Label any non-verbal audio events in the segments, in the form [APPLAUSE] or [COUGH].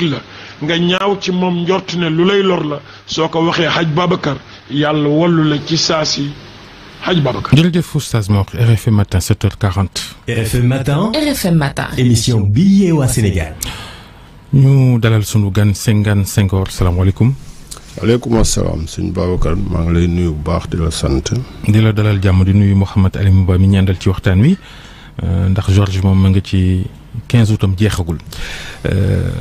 bëgg la nga ñaaw ci moom njort ne lu lay lor la soo ko waxee xaj Babacar yàlla wallu la ci saa si xaj Babacar. jërëjëf Oustaz Mor RFM matin 7h40. RFM matin RFM matin. émission bi yee waa Sénégal. ñu dalal sunu gan Senghane Senghor salaamaaleykum. waaleykum salaam sëñ Babacar maa ngi lay nuyu bu baax di la sant. di la dalal jàmm di nuyu Mouhamed Alioune Ba mi ñu àndal ci waxtaan wi euh, ndax Georges moom ma nga ci. 15 août am jeexagul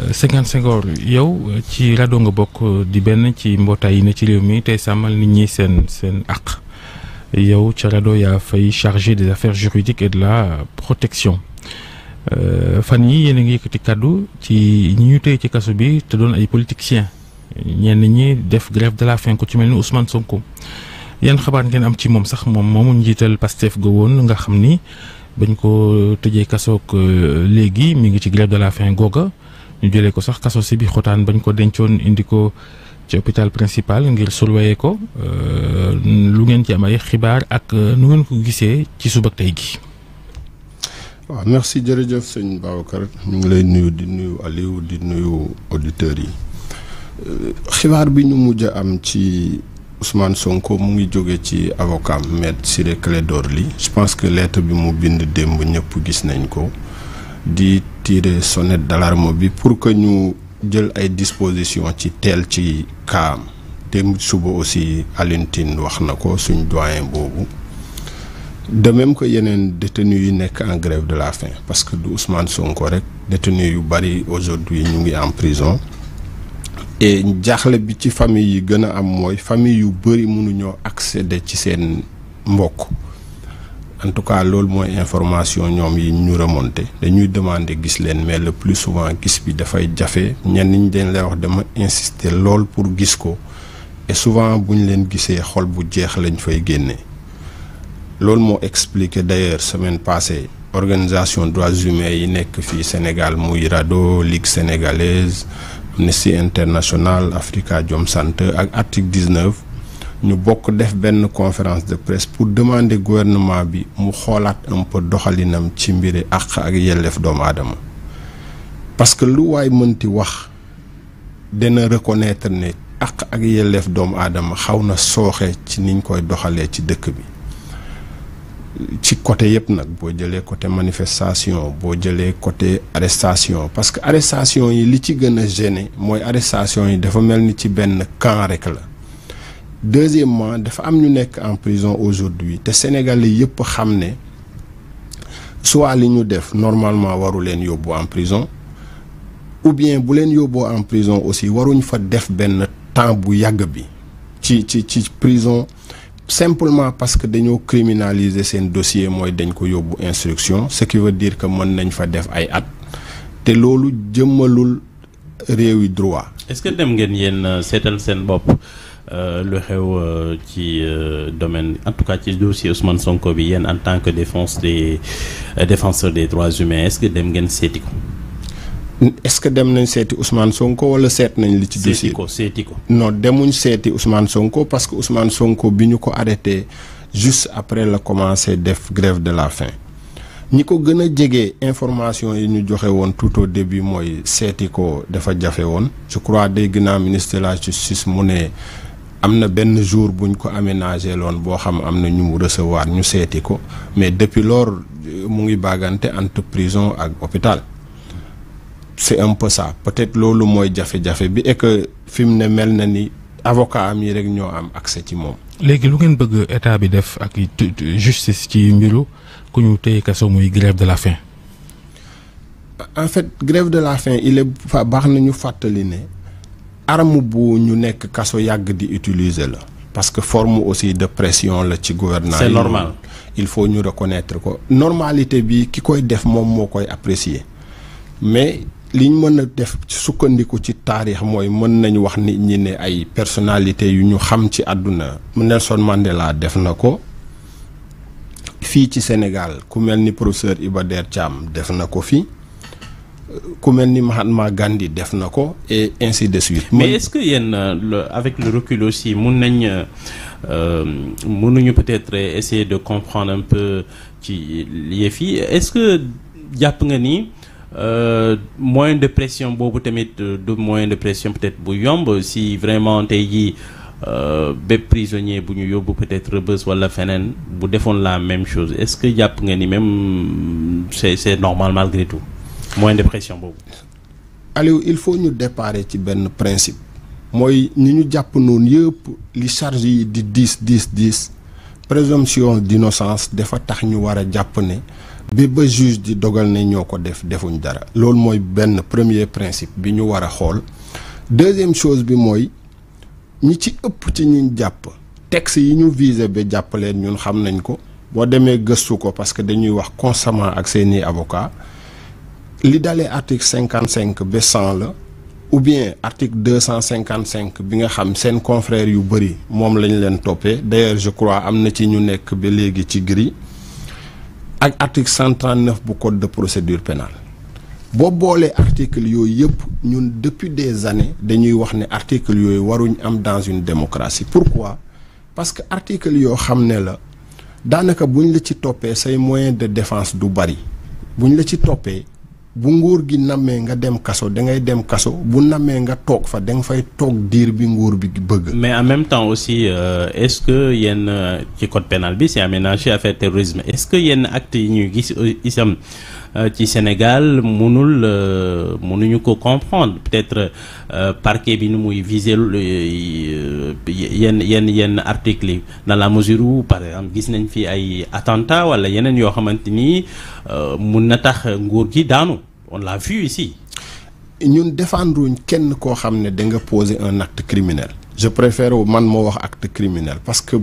55 euh, Or yow ci RADDHO nga bokk di benn ci mbootaay yi ne ci réew mi tey sàmmal nit ñi seen seen àq yow ca RADDHO yaa fay chargé des affaires juridiques et de la protection euh, fan yi yéen a ngi yëkkati kàddu ci ñi ñu tey ci kaso bi te doon ay politiciens ñenn ñi def grève de la faim ko ci mel ni Ousmane Sonko yan xabaat ngeen am ci moom sax moom moomu njiital Pastef ga woon nga xam ni. bañ ko tëjee kasoog euh, léegi mu ngi ci grève de la fin googa ñu jëlee ko sax kaso si bi xotaan bañ ko dencoon indi ko ci hôpital principal ngir surveiller ko euh, lu ngeen ci am xibaar ak euh, nu ngeen ko gisee ci suba tey gi. waaw merci jërëjëf sëñ Babacar mu ngi lay nuyu di nuyu Aliou di nuyu auditeurs yi xibaar bi ñu mujj am ci Ousmane Sonko mu ngi jóge ci avocat maître Ciré Clédor li je pense que lettre bi mu bind démb ñëpp gis nañ ko di tirer sonnette d'alarme bi pour que ñu jël ay dispositions ci teel ci kaam démb suba aussi Alioune wax na ko suñ doyen boobu de ko yeneen détenus yu nekk en grève de la fin parce que du Ousmane Sonko rek détenus yu bari aujourd'hui ñu ngi en prison. et jaaxle bi ci famille yi gën a am mooy famille yu bëri mënuñoo accéder ci seen mbokk en tout cas loolu mooy information ñoom yi ñu remonté dañuy demander gis leen mais le plus souvent gis bi dafay jafe ñenn ñi dañ lay wax dama insister lool pour gis ko et souvent bu leen gisee xol bu jeex lañ fay génne loolu moo expliqué d'ailleurs semaine passée organisation droits humains yi nekk fii Sénégal muy RADDHO Ligue sénégalaise Amnesty africa Afrikajom Center ak article 19 ñu bokk def benn conférence de presse pour demander gouvernement bi mu xoolaat un doxalinam ci mbiri àq ak yelleef doomu aadama parce que lu waay mënti wax dina reconnaître ne ak ak yelleef doomu aadama xaw na sooxe ci niñ koy doxalee ci dëkk bi ci côté yëpp nag boo jëlee côté manifestation boo jëlee côté arrestation parce que arrestation yi li ci gën a gêné mooy arrestation yi dafa mel ni ci benn camp rek la deuxièmement dafa am ñu nekk en prison aujourd'hui te sénégalais yëpp xam ne soit li ñu def normalement waru leen yóbbu en prison ou bien bu leen yóbboo en prison aussi waruñ fa def benn temps bu yàgg bi ci ci ci prison simplement parce que dañoo criminaliser seen dossier mooy dañ ko yóbbu instruction ce qui veut dire que mën nañ fa def ay at te loolu jëmmalul réew yi droit. est-ce que dem ngeen yéen euh, seetal seen bopp euh, lu xew euh, ci domaine en tout cas ci dossier Ousmane Sonko bi yéen en tant que défense des défenseurs des droits humains est-ce que dem ngeen seeti ko. est-ce que dem nañ seeti Ousmane Sonko wala seet nañ li ci dossier ko seeti ko non demuñ seeti Ousmane Sonko parce que Ousmane Sonko bi ñu ko arrêté juste après la commencé def grève de la faim ñi ko gën a jege information yi ñu joxe woon tout au mooy seeti ko dafa jafe woon je crois dégg naa ministre de la justice mu ne am na benn jour buñ ko aménagé loon boo xam am na ñu mu ñu seeti ko mais depuis lors euh, mu ngi baggante entre ak hôpital c'est un peu peut-être loolu mooy jafe-jafe bi et que fi mu ne mel na ni avocat am yi rek ñoo am accès ci moom. léegi lu ngeen bëgg état bi def ak justice ci mbiru ku ñu téye kaso muy grève de la fin en fait grève de la faim il baax na ñu fàttali ne arme bu ñu nekk kaso yàgg di utiliser la. parce que forme aussi de pression la ci gouvernement. c'est normal il faut ñu reconnaître ko normalité bi ki koy def moom moo koy apprécier mais. liñ mën a def sukkandiku ci taarix mooy mën nañu wax nit ñi ne ay personnalité yu ñu xam ci àdduna Nelson Mandela def na ko fii ci Sénégal ku mel ni professeur Iba Der def na ko fii ku mel ni Mahatma Gandhi def na ko et ainsi de suite. mais est-ce que yéen euh, avec le recul aussi mun nañ euh, mënuñu peut-être essayer de comprendre un peu ci yëf yi est-ce que jàpp nga nii Euh, moyen de pression boobu tamit euh, du moyen de pression peut bu yomb si vraiment tey jii euh, bépp prisonnier bu ñu yóbbu peut-être Rebeuss walla feneen bu defoon la même chose est-ce que jàpp nga ni même c'est c'est normal malgré tout moyen de pression boobu. Aliou il faut ñu déparer ci benn principe. mooy ñi ñu jàpp noonu yëpp li charge yi di dix dix dix présomption d'innocence dafa tax ñu war a jàpp ne. bi ba juge di dogal ne ñoo ko def defuñ dara loolu mooy benn premier principe bi ñu war a xool deuxième chose bi mooy ñi ci ëpp ci ñuñ jàpp texte yi ñu visé ba jàppaleen ñun xam nañ ko boo demee gëstu ko parce que dañuy wax constamment ak seeni avocat li dalee article cinquante cinq ba cent la ou bien article cent cinquante cinq bi nga xam seen confrères yu bëri moom lañ leen toppee d'ailleurs je crois am na ci ñu nekk ba léegi ci gris ak article 139 bu code de procédure pénale boo boolee article yooyu yëpp ñun depuis des années dañuy wax ne article yooyu waruñ am dans une démocratie pourquoi parce que article yoo xam ne la daanaka buñ la ci toppee say moyen de defence du bari buñ la ci toppee bu nguur gi nammee nga dem kaso da ngay dem kaso bu nammee nga toog fa da nga fay toog diir bi nguur bi bëgg. mais en même temps aussi euh, est-ce que yenn euh, ci code pénal bi c'est aménagé affaire terrorisme est-ce que yenn actes yi ñuy gis euh, isam Euh, ci Sénégal mënul euh, mënuñu ko comprendre peut-être euh, parquet bi nu muy viser yenn yenn yenn articles yi dans la mesure où par exemple gis nañ fi ay attentat wala yeneen yoo xamante ni mun na tax nguur gi daanu on l'a vu ici. ñun défendre wuñ kenn koo xam ne da nga poser un acte criminel. je préfère man moo wax acte criminel parce que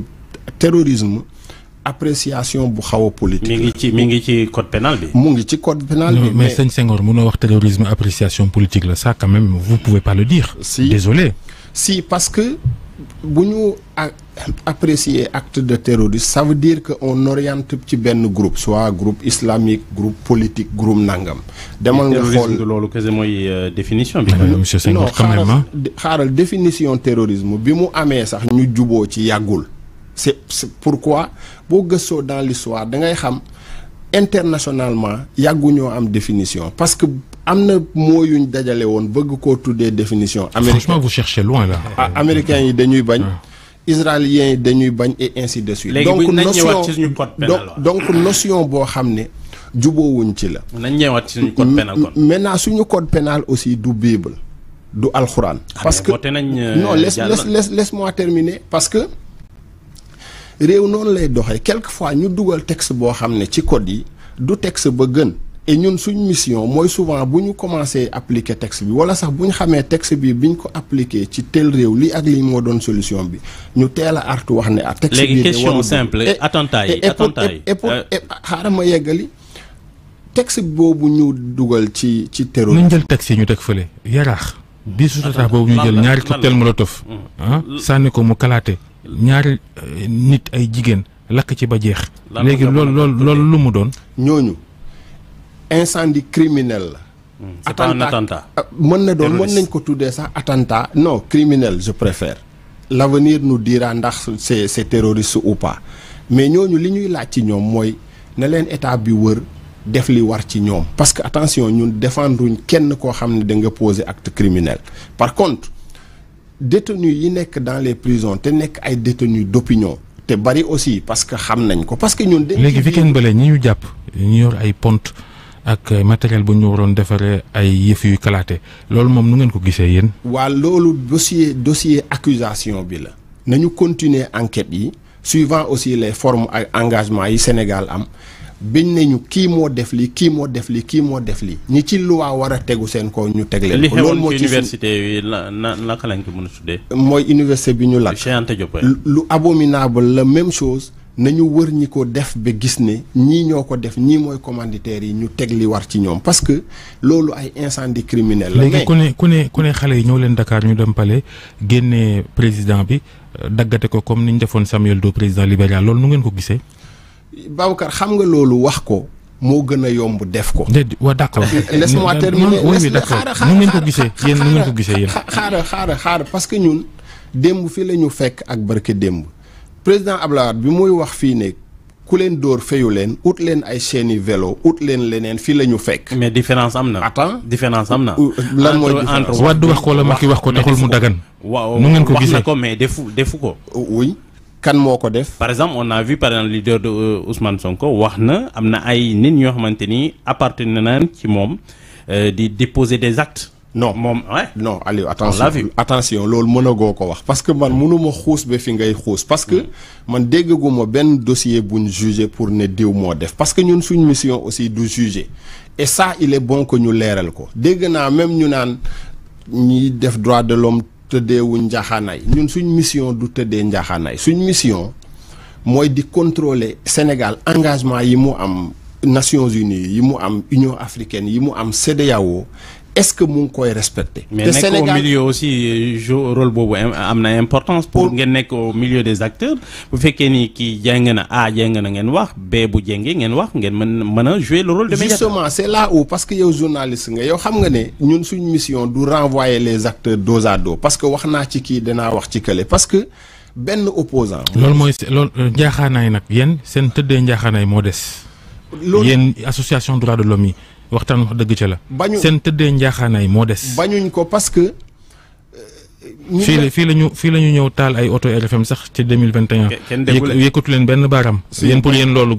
appréciation bu xaw a politique mi ngi ci mi ngi ci code pénal bi. mu ngi ci code pénal bi mais sëñ Senghor mënoo wax terrorisme appréciation politique la ça quand même vous pouvez pas le dire. si désolé. si parce que bu ñu apprécier acte de terrorisme ça veut que on oriente ci benn groupe soit groupe islamique groupe politique groupe nangam. demal nga xool loolu kese mooy euh, définition bi. Ah, monsieur Senghor quand xaaral définition terrorisme bi mu amee sax ñu juboo ci yàggul. c'est c'est pourquoi boo gëstoo dans l'histoire da ngay xam internationalement yàgguñoo am definition parce que am na moo yuñ dajale woon bëgg koo tuddee définition. américain franchement vous cherchez loin là. Ah, américains yi dañuy bañ. israéliens yi dañuy bañ et ainsi de suite. donc notion donc notion boo xam ne juboowuñ ci la. nañ ñëwaat ci suñu code pénal kon. maintenant suñu code pénal aussi du bible du alxuraan. Ah, parce que non laisse euh, laisse laisse moi terminer parce que. réew noonu lay doxee fois ñu dugal texte boo xam ne ci code yi du texte ba gën et ñun suñ mission mooy souvent bu ñu commencé appliquer tex bi wala sax bu ñu xamee texte bi bi ñu ko appliquer ci tel réew li ak li moo doon solution bi ñu teel a artu wax ne ah texte bi léegi question simple attentat yi attentat yi et pour euh. xaaral boobu ñu dugal ci ci terrorisme nañ jël texte ñu teg fële yaraax bii su boobu ñu jël ñaari cocktail molotov mm. ah sànni ko mu kalaate ñaari eh, nit ay jigéen lakk ci ba jeex. léegi lool loolu loolu lu mu doon. ñooñu incendie criminel la. Hmm, c'est pas un attentat ah, mën na doon mën nañ ko tuddee sax attentat non criminel je préfère. l'avenir nous dira ndax c'est c'est terroriste ou mais ñooñu li ñuy laaj ci ñoom mooy na leen état bi wër def li war ci ñoom. parce que attention ñun défendruñ kenn koo xam ne da nga poser acte criminel par contre. détenus yi nekk dans les prisons te nekk ay détenus d'opinion te bari aussi parce que xam nañ ko parce que ñun. léegi weekend bële ñi ñu jàpp ñu yor ay pont ak matériel bu ñu waroon defaree ay yëf yuy kalaate loolu moom nu ngeen ko gisee yéen. waa loolu dossier dossier accusation bi la nañu continuer enquête yi suivant aussi les formes ak engagements yi Sénégal am. biñ nañu kii moo def lii kii moo def lii kii moo def lii ñi ci loi war a tegu seen ko ñu teg leen. loolu moo ci université yi naka lañ ko mën a tuddee. mooy université bi ñu lakk lu abominable la même chose nañu wër ñi ko def ba gis ne ñii ñoo ko def ñii mooy commanditaires yi ñu teg li war ci ñoom parce que loolu ay incendie criminel la. léegi ku ne ku ne ku ne xale yi ñëw leen ndakaar ñu dem pale génnee président bi euh, daggate ko comme ni ñu defoon Samuel Doe président libéral loolu nu ngeen ko gisee. Babacar xam nga loolu wax ko moo gën a yomb def ko. déedéet waa d'accord eh, eh, laisse-moi terminer nu ngeen ko gisee yéen nu ngeen ko gisee yéen. xaaral xaaral xaaral parce que ñun démb fii la ñu fekk ak barke démb président Abdoulaye Wade bi mooy wax fii ne ku leen dóor fayu leen ut leen ay chaînes yu vélo ut leen leneen fii la ñu fekk. mais différence am na. attends différence am na. Euh, lan mooy différence entre Wade wax ko la Macky wax ko taxul mu dagan. waaw wax na ko mais defu defu ko. oui. kan moo ko def. par exemple on a vu par exemple leader de euh, Ousmane Sonko wax na am na ay nit ñoo xamante ni appartenir naan ci moom euh, di déposer des actes. no moom ouais. non Aliou attention attention loolu mën ko wax parce que man mënuma xuus ba fi ngay xuus parce que hmm. man déggaguma benn dossier buñ jugé pour ne diw moo def parce que ñun suñ mission aussi du juger et ça il est bon que ñu leeral ko dégg naa même ñu naan ñiy def droit de l'homme tëddeewuñ njaaxaanaay ñun suñ mission du tëddee njaaxaanaay suñ mission mooy di contrôler Sénégal engagement yi mu am Nations Unies yi mu am Union africaine yi mu am CEDEAO est-ce que mu ngi koy respecté. te Sénégal mais nekk au milieu aussi jou rôle boobu am na importance. pour ngeen nekkoo au milieu des acteurs bu fekkee ni kii jàng na A jàng na ngeen wax B bu jàngee ngeen wax ngeen mën mën a jouer le rôle de médiateur. justement c'est là où parce que yow journaliste nga yow xam nga ne ñun suñu mission du renvoyer les acteurs dos à dos parce que wax naa ci kii danaa wax ci kële parce que benn opposant loolu mooy loolu euh, njaaxaanaay nag yéen seen tëddee njaaxaanaay moo des. loolu yéen association droit de waxtaan wax dëgg ca la. bañu seen tëddee njaaxaanaay moo des. bañuñ ko parce que. Euh, fii la fii la ñu fii la ñu ñëw taal ay oto RFM sax ci deux mille vingt et un. kenn yëkkatu leen benn baaraam. si yéen pour yéen loolu.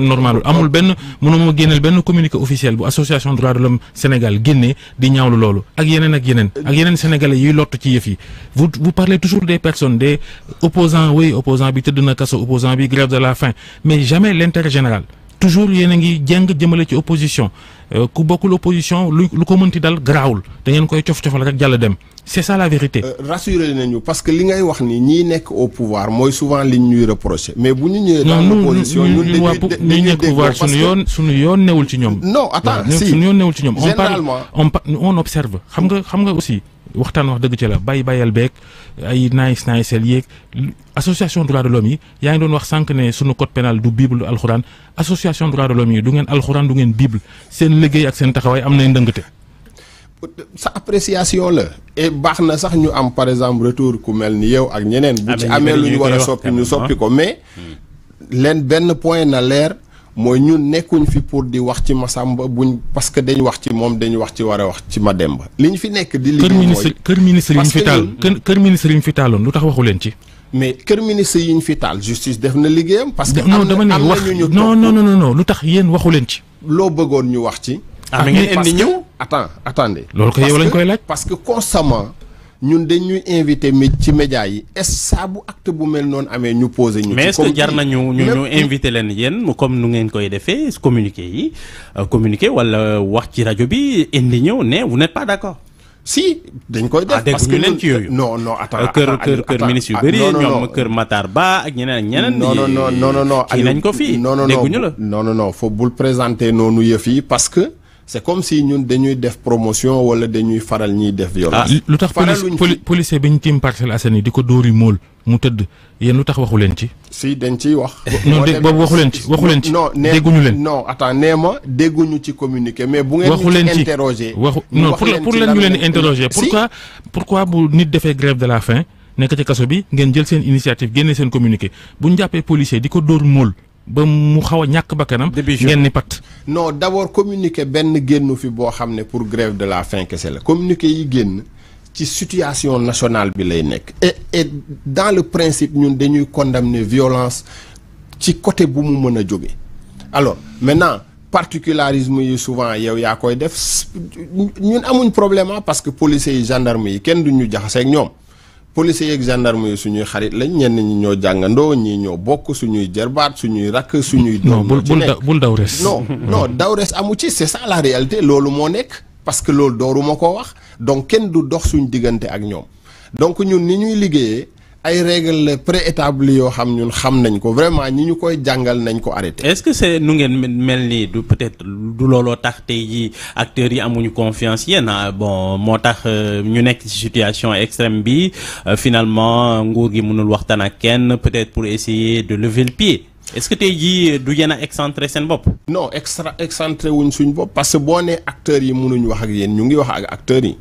normal amul benn mënuma génneel benn communiqué officiel bu association droit de l'homme Sénégal génnee di ñaawlu loolu ak yeneen ak yeneen. ak yeneen sénégalais yuy lott ci yëf yi. vous vous parlez toujours des personne des opposants oui opposant bi tëdd na kaso opposant bi grève de la faim mais jamais l'intérêt général toujours yéen a ngi jàng jëmale ci opposition. Euh, ku bokkul opposition lu lu ko mënti dal garaawul da ngeen koy cof-cofal rek jàll dem c'est ça la vérité. Euh, rassuré nañu parce que li ngay wax ni ñiy nekk au pouvoir mooy souvent liñ ñuy reproché mais bu ñu ñëwee. dans l'opposition ñun dañuy nekk pouvoir suñu yoon suñu yoon newul ci ñoom. non attends si suñu yoon newul ci ñoom. généralement on on observe xam nga xam nga aussi. waxtaan wax dëgg ci la bay bayal beeg ay naayis naayisel yeeg association droit de l'homme yi yaa ngi doon wax sànq ne sunu code pénal du bible alxuraan association droit de l'homme yi du ngeen alxuraan du ngeen bible seen liggéey ak seen taxawaay am na ndëngte. sa appréciation la et baax na sax ñu am par exemple retour ku mel ni yow ak ñeneen. bu ci amee lu ñu war a soppi ñu ah. soppi ko mais. leen benn point na leer. mooy ñun nekkuñ fi pour di wax ci Massamba buñ parce que dañu wax ci moom dañ wax ci war a wax ci ma dem ba li ñu fi nekk di. liggéey mooy kër ministre yi ñu fi taal kër ministre yi ñu fi taaloon lu tax waxu leen ci. mais kër ministre yi ñu fi taal justice def na liggéeyam. parce que am na am na ñu ñu non non non lu tax yéen waxu leen ci. loo bëggoon ñu wax ci. ah ngeen ah, indi ñëw attends attendez. loolu ko yow lañ koy laaj parce que constamment ñun dañ ñuy invité mi ci média yi est ça bu acte bu mel noonu amee ñu posé. ñu mais est ce que jar invité leen yéen comme nu ngeen koy defee communiqué yi euh, communiqué wala wax ci rajo bi indi ñëw ne vous n'êtes pas d'accord si dañ koy def ah, parce que leen ci yooyu non non attends euh, kër kër kër ministre yu ah, bëri ñoom kër Matar Ba ak ñeneen ak ñeneen non non non non non non non non non non non non non non non non non non non c'est comme si ñun dañuy def promotion wala dañuy faral ñuy def violence. Ah, lu tax police policier bi ñu la Parcelles Assainies di ko dóori mool mu tëdd yéen lu tax waxu leen ci. si dañ ciy wax. [LAUGHS] non dégg boobu waxu leen ci waxu leen ci. dégguñu leen no attends nee ma dégguñu ci communiqué mais. bu ngeen waxu leen ci waxu non pour leen di interroger. pourquoi pourquoi bu nit defee grève de la fin nekk ci kaso bi ngeen jël seen initiative génne seen communiqué buñ ñu jàppee policier di ko dóor mool. ba mu xaw a ñàkk bakkanam ngeen ni pat non d'abord communiqué benn génnu fi boo xam ne pour grève de la fin kese la communiqué yi génn ci situation nationale bi lay nekk dans le principe ñun dañuy condamner violence ci côté bu mu mën a jóge alors maintenant particularisme yi souvent yow yaa koy def ñun amuñ problème ah, parce que policiers yi gendarme yi kenn duñu jaxaseeg ñoom policiers yeeg gendarme yi suñuy xarit lañ ñenn ñi ñoo jàngandoo ñii ñoo bokk suñuy jarbaat suñuy rakk suñuy. doom bul bul dawres non non mm-hmm. dawres amu ci c'est ça la réalité loolu moo nekk parce que loolu dooru ko wax donc kenn du dox suñu diggante ak ñoom donc ñun ni ñuy liggéeyee. ay règles la préétablies yoo xam ñun xam nañ ko vraiment ñi ñu koy jàngal nañ ko arrêté. est-ce que c'est nu ngeen mel nii du peut-être du looloo tax tey jii acteurs yi amuñu confiance yéen ah bon moo tax euh, ñu nekk si situation extrême bi euh, finalement nguur gi mënul waxtaan ak kenn peut-être pour essayer de lever le pied. est que tey jii du yéen a seen bopp. non extra excentré wuñ suñ bopp parce que boo nee acteur yi mënuñu wax ak yéen ñu ngi wax ak acteurs yi.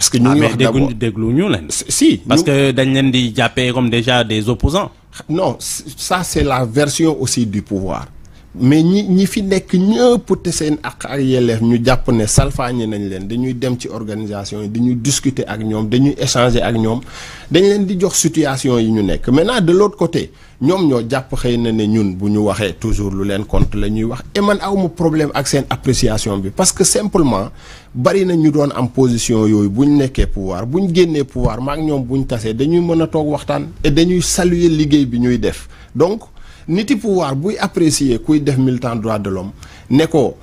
parce que ñu ah, ngi wax d'abord mais déglu ñu leen. si parce que dañ leen di jàppee comme déjà des opposants non ça c'est la version aussi du pouvoir. mais ñi ñi fi nekk ñëpp te seen ak ak yelleef ñu jàpp ne salfaañi nañ leen dañuy dem ci organisation yi dañuy discuter ak ñoom dañuy échanger ak ñoom dañu leen di jox situation yi ñu nekk maintenant de l'autre côté ñoom ñoo jàpp xëy na ne ñun bu ñu waxee toujours lu leen compte la ñuy wax et man awma problème ak seen appréciation bi parce que simplement bari na ñu doon am position yooyu bu ñu nekkee pouvoir bu ñu génnee pouvoir ak ñoom bu ñu tasee dañuy mën a toog waxtaan dañuy saluer liggéey bi ñuy def donc niti pouvoir buy apprécier kuy def militant droit de l'homme ne ko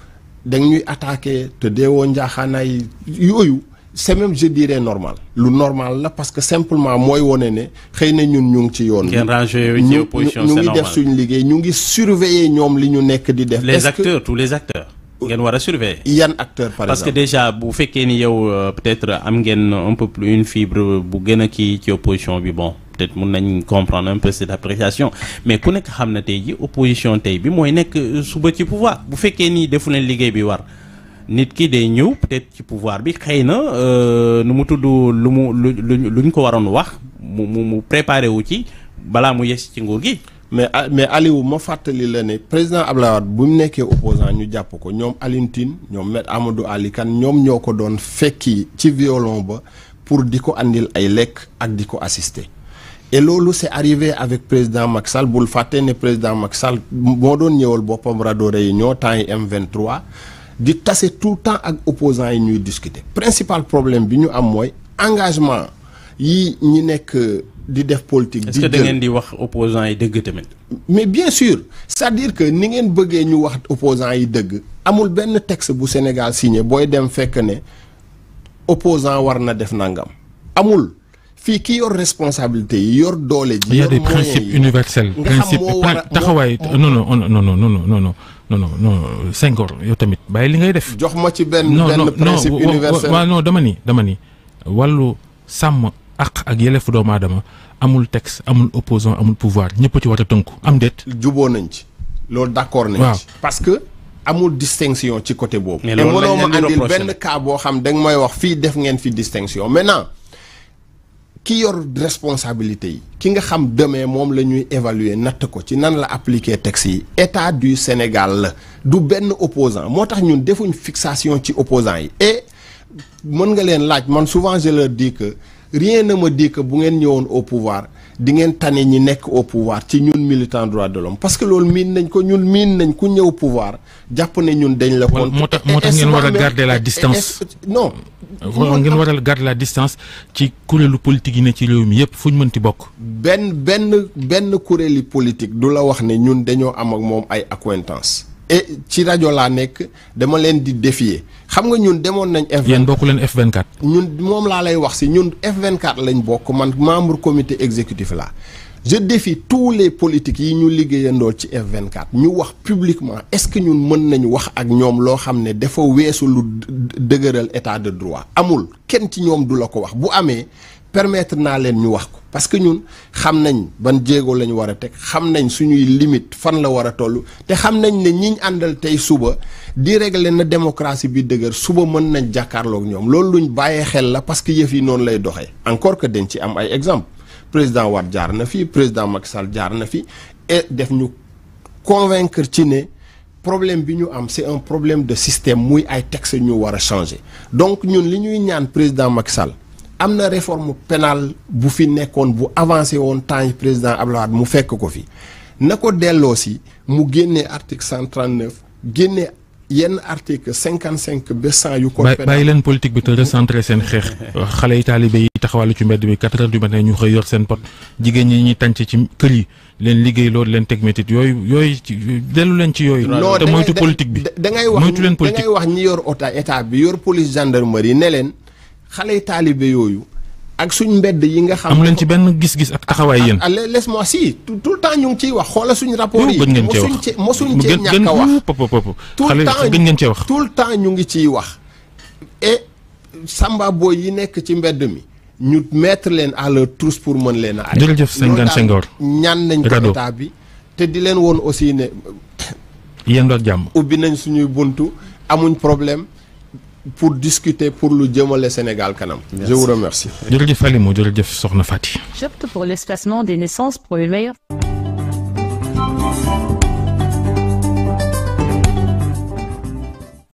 da ñuy attaqué te deewoo njaaxaanaay yooyu c'est même je dirais normal lu normal la parce que simplement mooy wone ne xëy na ñun ñu ngi ci yoon ñu ngi def suñu liggéey ñu ngi surveiller ñoom li ñu nekk di def les acteurs tous les acteurs ngeen war a surveiller yan acteur par exemple parce que déjà bu fekkee ni yow euh, peut-être am ngeen un peu plus une fibre bu gën a kii ci opposition bi bon peut mun nañ comprendre un peu cette appréciation mais ku nekk xam na tey ji opposition tey bi mooy nekk euh, suba ci pouvoir bu fekkee nii defu leen liggéey bi war nit ki day ñëw peut-être ci pouvoir bi xëy na euh, nu mu tudd lu mu lu luñ ko waroon wax mu mu mu préparé wu ci balaa mu yes ci nguur gi. mais ah, mais Aliou ma fàttali la ne président Abdoulaye Wade bu mu nekkee opposant ñu jàpp ko ñoom Alioune ñoom Me Amadou Ali Kane ñoom ñoo ko doon fekki ci violon ba pour di ko indil ay lekk ak di ko assister. et loolu c' est arrivé avec président Macky Sall bul fàttee ne président Macky Sall moo doon ñëwal boppam rado réunion temps yi M23 di tase tout le temps ak opposants yi ñuy discuter principal problème bi ñu am mooy engagement yi ñi nekk di def politique. di est-ce di wax opposants yi dëgg tamit. mais bien sur cest dire que ni ngeen bëggee ñu wax opposants yi dëgg amul benn texte bu Sénégal signé booy dem fekk ne opposant war na def nangam amul. fii ki yor responsabilité yi yor doole ji. yor moyens yi il y a des principes universels. principe taxawaay non non non non non non non non non Senghor yow tamit bàyyi li ngay def. jox ma ci benn benn principe universel non non dama ni dama ni wàllu sàmm àq ak yelleefu doomu aadama amul texte amul opposant amul pouvoir ñëpp ci war a tënku am déet. juboo nañ ci loolu d'accord nañ ci. parce que. amul distinction ci côté boobu. mais loolu lañ leen di reproché te mënoo ma andil benn cas boo xam da nga may wax fii def ngeen fi distinction maintenant. ki yor responsabilité yi ki nga xam demee moom la ñuy évaluer natt ko ci nan la appliquer texte yi état du Sénégal la du benn opposant moo tax ñun defuñ fixation ci opposant yi e mën nga leen laaj man souvent je leur dis que rien ne me dit bu ngeen ñëwoon au pouvoir di ngeen tane ñi nekk au pouvoir ci ñun militant droit de l'homme parce que loolu miin nañ ko ñun miin nañ ku ñëw pouvoir jàpp ne ñun dañ la. kon moo tax moo tax ngeen war a garder la distance. non. ngeen war a garder la distance ci kuréelu politique yi ne ci réew mi yëpp fu ñu mënti bokk. benn benn benn kuréeli politique du la wax ne ñun dañoo am ak moom ay accointance et ci rajo laa nekk dama leen di défier. xam nga ñun demoon nañ. F24 leen f ñun moom laa lay wax si ñun F24 lañ bokk man membre comité exécutif laa de fi tous les politiques yi ñu liggéeyandoo ci F24 ñu wax publiquement est-ce que ñun mën nañu wax ak ñoom loo xam ne dafa weesu lu dëgëral état de droit amul kenn ci ñoom du la ko wax bu amee permettre naa leen ñu wax ko. parce que ñun xam nañ ban jéego la ñu war a teg xam nañ suñuy limite fan la war a toll te xam nañ ne ñiñ àndal tey suba di régler na démocratie bi dëgër suba mën nañ jàkkaarlook ñoom loolu luñ bàyyee xel la parce que yëf yi noonu lay doxee. encore que dañ ci am ay exemple président Wade jaar na fi président Macky jaar na fi et def ñu convaincre ci ne. problème bi ñu am c'est un problème de système muy ay texte ñu war a changer donc ñun li ñuy ñaan président Macky am na réforme penaal bu fi nekkoon bu avancé woon temps président Abdoulaye mu fekk ko fi na ko delloo si mu génnee article cent trente neuf génnee yenn article cinquante cinq ba cent yu. code pénal bàyyi leen politique bi te recentré seen xeex. xale yi taalibe yi taxawal ci mbedd bi quatre heures du matin ñu xëy yor seen pot jigéen ñi ñuy tànc ci kër yi leen liggéey loolu leen teg métit yooyu yooyu dellu leen ci yooyu. te moytu politique da ngay wax da wax ñi yor état bi yor police gendarmerie ne leen. xale taalibe yooyu ak suñ mbedd yi nga xam. am ci benn gis-gis ak taxawaay yéen. ah, ah laisse-moi si tout le temps ñu ngi ciy wax xoola suñ rapport yi. mosuñ cee mosuñ cee ñàkk a wax tout le temps gën ngeen cee wax. tout le temps ñu ngi ciy wax. et yi nekk ci mbedd mi. ñu mettre leen à leur trousse pour mën leen a. jërëjëf Senghane Senghor ñaan nañ ko état bi. te di leen woon aussi ne. yéen jàmm. ubbi nañ suñuy buntu amuñ problème. pour discuter pour lu jëmale Sénégal kanam. je vous remercie. jërëjëf Aliouma jërëjëf Soxna Fati. j'opte pour l'espacement des naissances pour le meilleur.